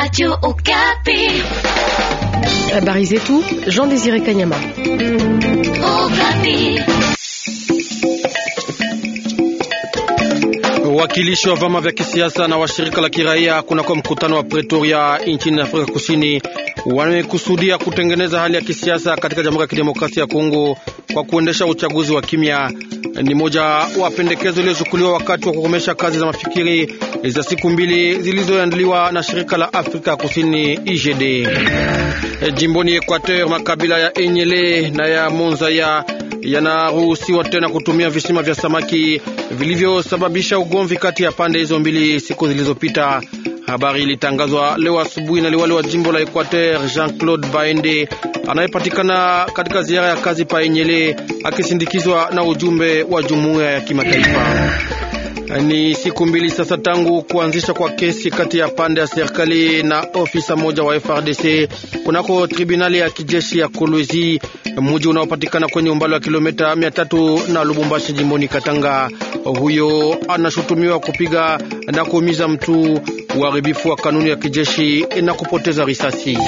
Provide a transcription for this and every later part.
Radio Okapi. Habari tout, Jean Désiré Kanyama. Okapi. Wakilishi wa vyama vya kisiasa na washirika la kiraia kunako mkutano wa Pretoria nchini Afrika Kusini wamekusudia kutengeneza hali ya kisiasa katika Jamhuri ya Kidemokrasia ya Kongo kwa kuendesha uchaguzi wa kimya. Ni moja wa pendekezo iliyochukuliwa wakati wa kukomesha kazi za mafikiri za siku mbili zilizoandaliwa na shirika la Afrika Kusini IGD. Jimboni Equateur, makabila ya Enyele na ya Monzaya yanaruhusiwa tena kutumia visima vya samaki vilivyosababisha ugomvi kati ya pande hizo mbili siku zilizopita. Habari ilitangazwa leo asubuhi na liwali wa jimbo la Equateur Jean-Claude Baende anayepatikana katika ziara ya kazi pa Enyele akisindikizwa na ujumbe wa jumuiya ya kimataifa. Ni siku mbili sasa tangu kuanzisha kwa kesi kati ya pande ya serikali na ofisa moja wa FRDC kunako tribunali ya kijeshi ya Kolwezi, mji unaopatikana kwenye umbali wa kilomita mia tatu na Lubumbashi, jimboni Katanga. Huyo anashutumiwa kupiga na kuumiza mtu, uharibifu wa kanuni ya kijeshi na kupoteza risasi.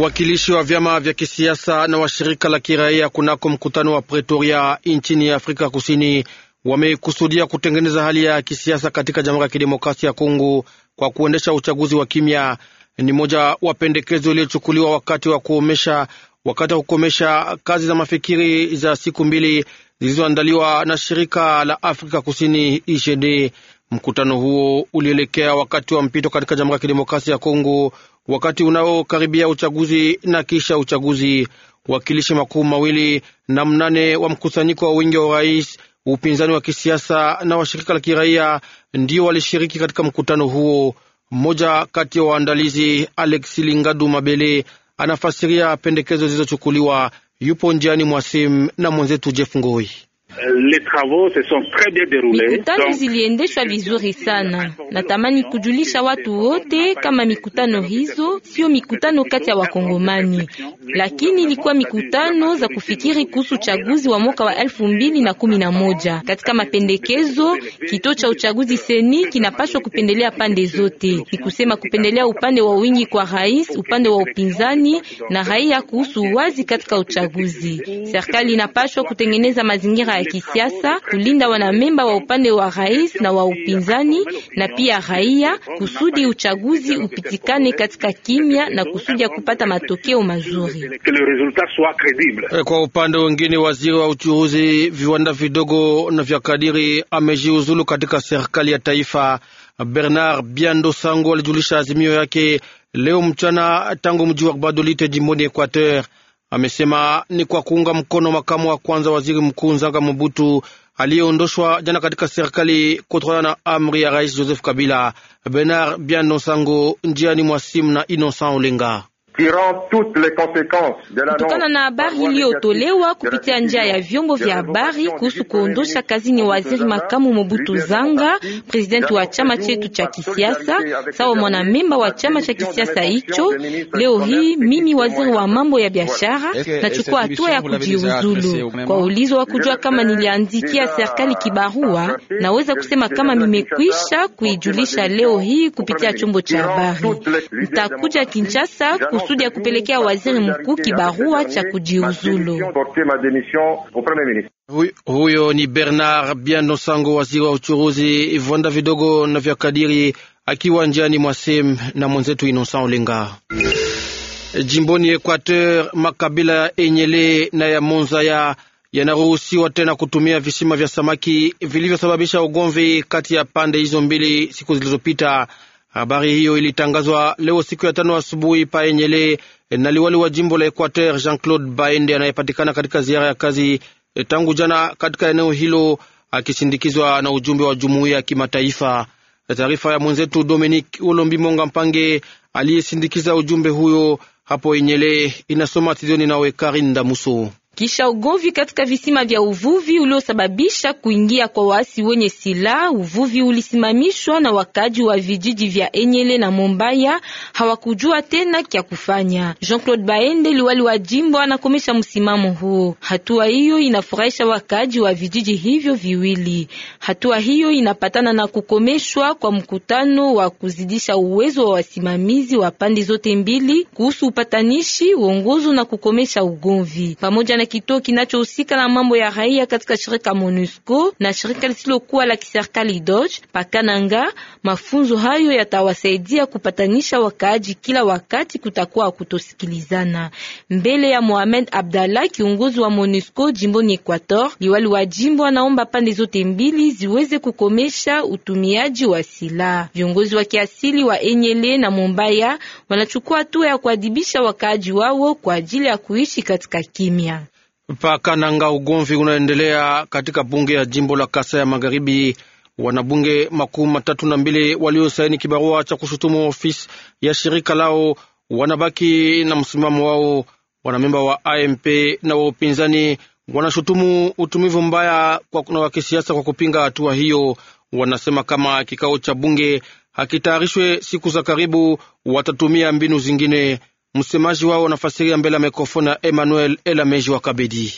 Wakilishi wa vyama vya kisiasa na washirika la kiraia kunako mkutano wa Pretoria nchini Afrika Kusini wamekusudia kutengeneza hali ya kisiasa katika Jamhuri ya Kidemokrasia ya Kongo kwa kuendesha uchaguzi wa kimya. Ni moja wa pendekezo iliyochukuliwa wakati wa kuomesha wakati wa kukomesha kazi za mafikiri za siku mbili zilizoandaliwa na shirika la Afrika Kusini ISHD. Mkutano huo ulielekea wakati wa mpito katika Jamhuri ya Kidemokrasia ya Kongo, wakati unaokaribia uchaguzi na kisha uchaguzi. Wakilishi makuu mawili na mnane wa mkusanyiko wa wingi wa urais, upinzani wa kisiasa na washirika la kiraia ndio walishiriki katika mkutano huo. Mmoja kati ya waandalizi Alexi Lingadu Mabele anafasiria pendekezo zilizochukuliwa yupo njiani mwa simu na mwenzetu Jeff Ngoi. Euh, les travaux se sont très bien deroulés. Mikutano ziliendeshwa vizuri sana. Natamani kujulisha watu wote kama mikutano hizo sio mikutano kati ya Wakongomani, lakini ilikuwa mikutano za kufikiri kuhusu uchaguzi wa mwaka wa elfu mbili na kumi na moja. Katika mapendekezo, kituo cha uchaguzi seni kinapaswa kupendelea pande zote, ni kusema kupendelea upande wa wingi kwa rais, upande wa upinzani na raia kuhusu uwazi katika uchaguzi. Serikali inapaswa kutengeneza mazingira ya kisiasa, kulinda wanamemba wa upande wa rais na wa upinzani na pia raia, kusudi uchaguzi upitikane katika kimya na kusudi ya kupata matokeo mazuri. Eh, kwa upande wengine, waziri wa uchuruzi, viwanda vidogo na vya kadiri amejiuzulu katika serikali ya taifa. Bernard Biando Sango alijulisha azimio yake leo mchana tangu mji wa Badolite jimboni Equateur. Amesema ni kwa kuunga mkono makamu wa kwanza waziri mkuu Nzanga Mobutu aliyeondoshwa jana katika serikali kutokana na amri ya rais Joseph Kabila. Bernard Biano Sango njiani mwa simu na Innocent Olenga tirant toutes les conséquences de la kutokana na habari iliyotolewa kupitia njia ya vyombo vya habari kuhusu kuondosha kazini waziri makamu Mobutu Zanga, presidenti wa chama chetu cha kisiasa, sawa mwanamemba wa chama cha kisiasa hicho. Leo hii mimi waziri wa mambo ya biashara eh, eh, nachukua hatua ya kujiuzulu. Kwa ulizo wa kujua kama niliandikia serikali kibarua, naweza kusema kama mimekwisha kuijulisha leo hii kupitia chombo cha habari. Nitakuja Kinshasa kusudi ya kupelekea waziri mkuu kibarua cha kujiuzulu. Huyo ni Bernard Bianosango, waziri wa uchuruzi, viwanda vidogo na vya kadiri, akiwa njiani mwasim na mwenzetu Inosan Olenga. Jimboni Equateur, makabila ya Enyele na ya Monzaya yanaruhusiwa tena kutumia visima vya samaki vilivyosababisha ugomvi kati ya pande hizo mbili siku zilizopita. Habari hiyo ilitangazwa leo siku ya tano asubuhi paenyele eh, na liwali wa jimbo la Equateur Jean-Claude Baende anayepatikana katika ziara ya kazi eh, tangu jana katika eneo hilo akisindikizwa na ujumbe wa jumuiya ya kimataifa. Eh, taarifa ya mwenzetu Dominic Ulombi Monga Mpange aliyesindikiza ujumbe huyo hapo Enyele inasoma Tidoni nawe Karin Damuso kisha ugomvi katika visima vya uvuvi uliosababisha kuingia kwa waasi wenye silaha. Uvuvi ulisimamishwa na wakaji wa vijiji vya Enyele na Mombaya hawakujua tena kya kufanya. Jean-Claude Baende, liwali wa jimbo, anakomesha msimamo huo. Hatua hiyo inafurahisha wakaji wa vijiji hivyo viwili. Hatua hiyo inapatana na kukomeshwa kwa mkutano wa kuzidisha uwezo wa wasimamizi wa pande zote mbili kuhusu upatanishi, uongozo na kukomesha ugomvi pamoja na na kituo kinachohusika na mambo ya raia katika shirika MONUSCO na shirika lisilokuwa la kiserikali DOGE pakananga. Mafunzo hayo yatawasaidia kupatanisha wakaaji, kila wakati kutakuwa kutosikilizana. Mbele ya Mohamed Abdallah, kiongozi wa MONUSCO jimboni Equator, liwali wa jimbo anaomba pande zote mbili ziweze kukomesha utumiaji wa silaha. Viongozi wa kiasili wa Enyele na Mombaya wanachukua hatua ya kuadhibisha wakaaji wao kwa ajili ya kuishi katika kimya. Pakananga, ugomvi unaendelea katika bunge ya jimbo la Kasa ya Magharibi. Wanabunge makumi matatu na mbili waliosaini kibarua cha kushutumu ofisi ya shirika lao wanabaki na msimamo wao. Wanamemba wa AMP na wa upinzani wanashutumu utumivu mbaya na wa kisiasa kwa kupinga hatua hiyo. Wanasema kama kikao cha bunge hakitayarishwe siku za karibu, watatumia mbinu zingine. Msemaji wao anafasiria mbele ya mikrofoni ya Emmanuel Elameji wa Kabedi.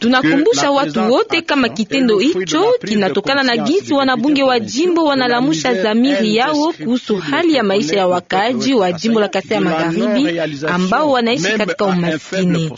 Tunakumbusha watu wote kama kitendo hicho kinatokana na jinsi wanabunge wa jimbo wanalamusha zamiri yao kuhusu hali ya maisha ya wakaaji wa jimbo la Kasai ya Magharibi ambao wanaishi katika umaskini.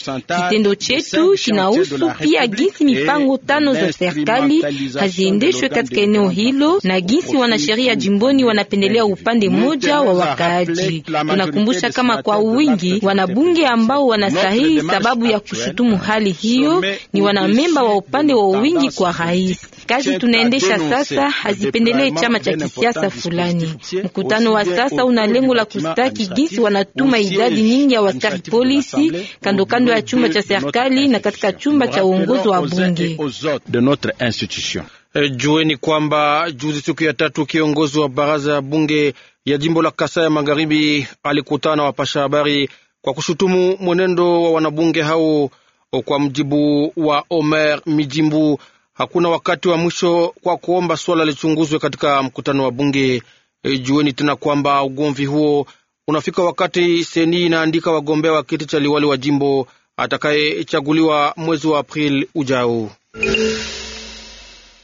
Kitendo chetu kinahusu pia jinsi mipango tano za serikali haziendeshwe katika eneo hilo na jinsi wanasheria jimboni wanapendelea upande moja wa wakaaji. Tunakumbusha kama kwa wingi wanabunge ambao wanasahihi sababu sababu ya kushutumu hali hiyo ni wanamemba wa upande wa wingi kwa rais. Kazi tunaendesha sasa hazipendelee chama cha kisiasa fulani. Mkutano wa sasa una lengo la kustaki jinsi wanatuma idadi nyingi ya waskari polisi kando kando ya chumba cha serikali na katika chumba cha uongozi wa bunge. Eh, jueni kwamba juzi siku ya tatu kiongozi wa baraza ya bunge ya jimbo la Kasai ya Magharibi alikutana wapasha habari kwa kushutumu mwenendo wa wanabunge hao. Kwa mjibu wa Omer Mijimbu, hakuna wakati wa mwisho kwa kuomba swala lichunguzwe katika mkutano wa bunge. E, jueni tena kwamba ugomvi huo unafika wakati seni inaandika wagombea wa kiti cha liwali wa jimbo atakayechaguliwa mwezi wa april ujao.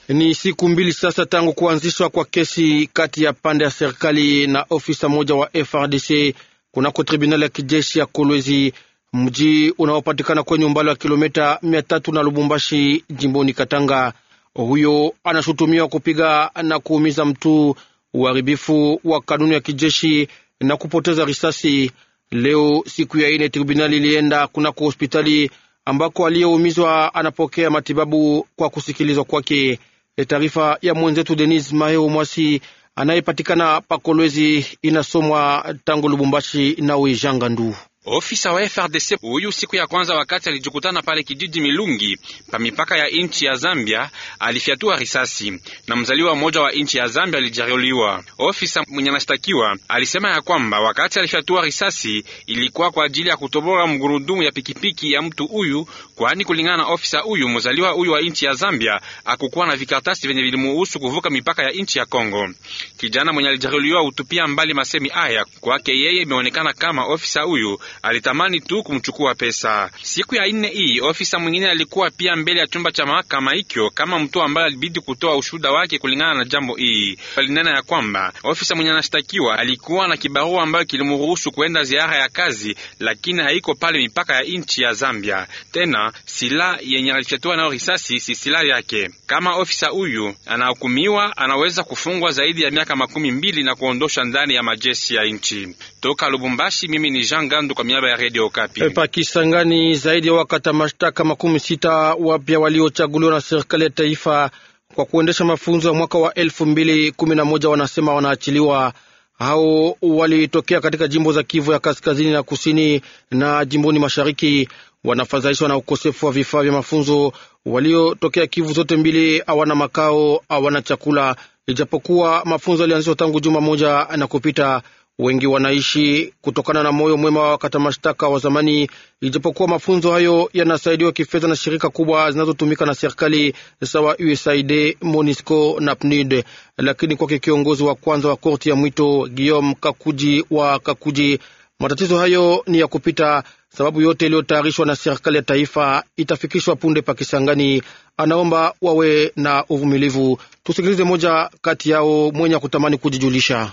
Ni siku mbili sasa tangu kuanzishwa kwa kesi kati ya pande ya serikali na ofisa mmoja wa FRDC kunako tribunali ya kijeshi ya Kolwezi, mji unaopatikana kwenye umbali wa kilomita mia tatu na Lubumbashi, jimboni Katanga. Huyo anashutumiwa kupiga na kuumiza mtu, uharibifu wa kanuni ya kijeshi na kupoteza risasi. Leo siku ya ine, tribunali ilienda kunako hospitali ambako aliyeumizwa anapokea matibabu kwa kusikilizwa kwake. E, taarifa ya mwenzetu Denis Maheo Mwasi anayepatikana pakolwezi inasomwa tangu Lubumbashi na Wijanga Ndu. Ofisa wa FRDC huyu siku ya kwanza wakati alijikutana pale kijiji Milungi pa mipaka ya nchi ya Zambia alifyatua risasi na mzaliwa mmoja wa nchi ya Zambia alijeruhiwa. Ofisa mwenye anashtakiwa alisema ya kwamba wakati alifyatua risasi ilikuwa kwa ajili ya kutobora mgurudumu ya pikipiki ya mtu huyu, kwani kulingana na ofisa huyu mzaliwa huyu wa nchi ya Zambia akukuwa na vikaratasi vyenye vilimuhusu kuvuka mipaka ya nchi ya Kongo. Kijana mwenye alijeruhiwa utupia mbali masemi haya, kwake yeye imeonekana kama ofisa huyu alitamani tu kumchukua pesa. Siku ya nne hii ofisa mwingine alikuwa pia mbele ya chumba cha mahakama hicho kama mtu ambaye alibidi kutoa ushuhuda wake kulingana na jambo hii. Alinena ya kwamba ofisa mwenye anashtakiwa alikuwa na kibarua ambayo kilimruhusu kuenda ziara ya kazi, lakini haiko pale mipaka ya nchi ya Zambia. Tena silaha yenye alifyatua nayo risasi si silaha yake. Kama ofisa huyu anahukumiwa, anaweza kufungwa zaidi ya miaka makumi mbili na kuondosha ndani ya majeshi ya nchi. Toka Lubumbashi, mimi ni Jean Gandu kwa niaba ya Radio Okapi. Eh, Pakistani zaidi ya wakata mashtaka makumi sita wapya waliochaguliwa na serikali ya taifa kwa kuendesha mafunzo ya mwaka wa elfu mbili kumi na moja wanasema wanaachiliwa. Hao walitokea katika jimbo za Kivu ya kaskazini na kusini na jimboni mashariki. Wanafadhaishwa na ukosefu wa vifaa vya mafunzo. Waliotokea Kivu zote mbili hawana makao, hawana chakula, ijapokuwa mafunzo yalianzishwa tangu juma moja na kupita. Wengi wanaishi kutokana na moyo mwema wa wakata mashtaka wa zamani, ijapokuwa mafunzo hayo yanasaidiwa kifedha na shirika kubwa zinazotumika na serikali sawa USAID, MONISCO na PNID. Lakini kwake kiongozi wa kwanza wa korti ya mwito Guillaume Kakuji wa Kakuji, matatizo hayo ni ya kupita, sababu yote iliyotayarishwa na serikali ya taifa itafikishwa punde pa Kisangani. Anaomba wawe na uvumilivu. Tusikilize moja kati yao mwenye kutamani kujijulisha.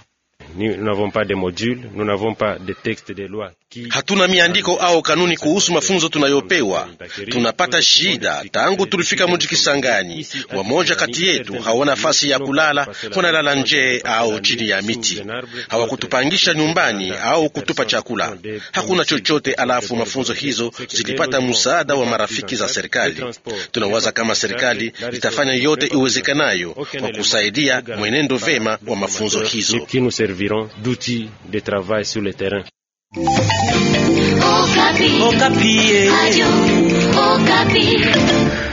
Nous n'avons pas de modules, nous n'avons pas de textes de loi Hatuna miandiko au kanuni kuhusu mafunzo tunayopewa. Tunapata shida tangu tulifika mji Kisangani. Wamoja kati yetu hawana nafasi ya kulala, wanalala nje au chini ya miti. Hawakutupangisha nyumbani au kutupa chakula, hakuna chochote. Alafu mafunzo hizo zilipata msaada wa marafiki za serikali. Tunawaza kama serikali itafanya yote iwezekanayo kwa kusaidia mwenendo vema wa mafunzo hizo. Okapi. Okapi. Eh.